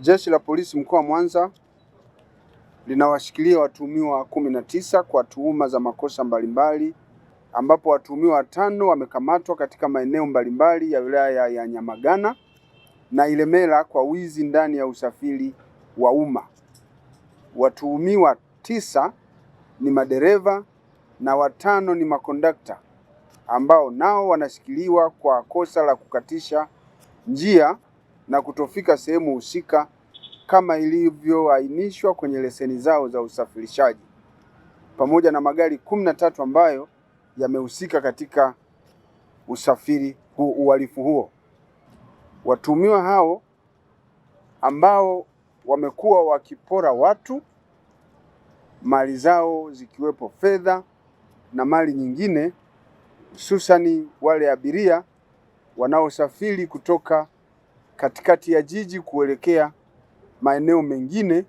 Jeshi la Polisi mkoa wa Mwanza linawashikilia watuhumiwa kumi na tisa kwa tuhuma za makosa mbalimbali ambapo watuhumiwa watano wamekamatwa katika maeneo mbalimbali ya wilaya ya Nyamagana na Ilemela kwa wizi ndani ya usafiri wa umma. Watuhumiwa tisa ni madereva na watano ni makondakta ambao nao wanashikiliwa kwa kosa la kukatisha njia na kutofika sehemu husika kama ilivyoainishwa kwenye leseni zao za usafirishaji, pamoja na magari kumi na tatu ambayo yamehusika katika usafiri huu uhalifu huo. Watuhumiwa hao ambao wamekuwa wakipora watu mali zao zikiwepo fedha na mali nyingine, hususani wale abiria wanaosafiri kutoka katikati ya jiji kuelekea maeneo mengine.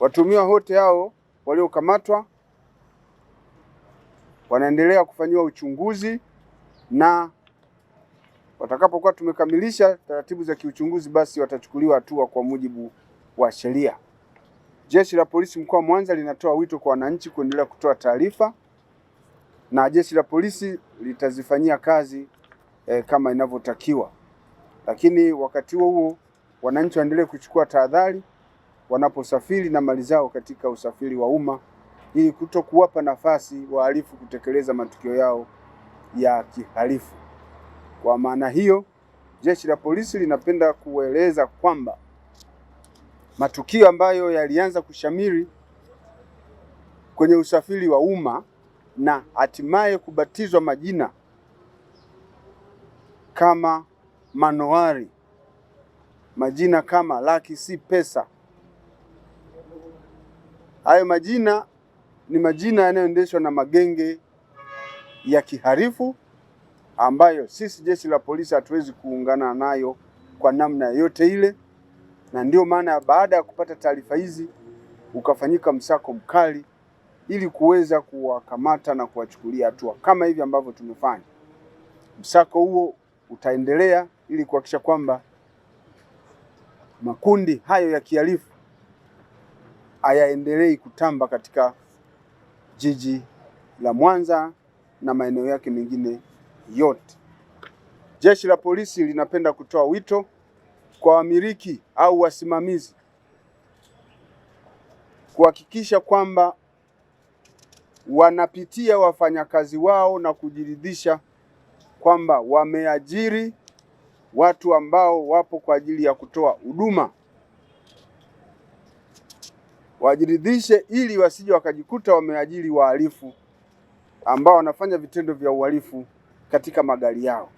Watuhumiwa wote hao waliokamatwa wanaendelea kufanyiwa uchunguzi na watakapokuwa tumekamilisha taratibu za kiuchunguzi, basi watachukuliwa hatua kwa mujibu wa sheria. Jeshi la Polisi mkoa wa Mwanza linatoa wito kwa wananchi kuendelea kutoa taarifa na jeshi la polisi litazifanyia kazi eh, kama inavyotakiwa. Lakini wakati huo huo wananchi waendelee kuchukua tahadhari wanaposafiri na mali zao katika usafiri wa umma ili kuto kuwapa nafasi wahalifu kutekeleza matukio yao ya kihalifu. Kwa maana hiyo, jeshi la polisi linapenda kueleza kwamba matukio ambayo yalianza kushamiri kwenye usafiri wa umma na hatimaye kubatizwa majina kama manowari, majina kama laki si pesa. Hayo majina ni majina yanayoendeshwa na magenge ya kiharifu ambayo sisi jeshi la polisi hatuwezi kuungana nayo kwa namna yoyote ile, na ndiyo maana baada ya kupata taarifa hizi ukafanyika msako mkali ili kuweza kuwakamata na kuwachukulia hatua kama hivi ambavyo tumefanya. Msako huo utaendelea ili kuhakikisha kwamba makundi hayo ya kihalifu hayaendelei kutamba katika jiji la Mwanza na maeneo yake mengine yote. Jeshi la polisi linapenda kutoa wito kwa wamiliki au wasimamizi kuhakikisha kwamba wanapitia wafanyakazi wao na kujiridhisha kwamba wameajiri watu ambao wapo kwa ajili ya kutoa huduma wajiridhishe, ili wasije wakajikuta wameajiri wahalifu ambao wanafanya vitendo vya uhalifu katika magari yao.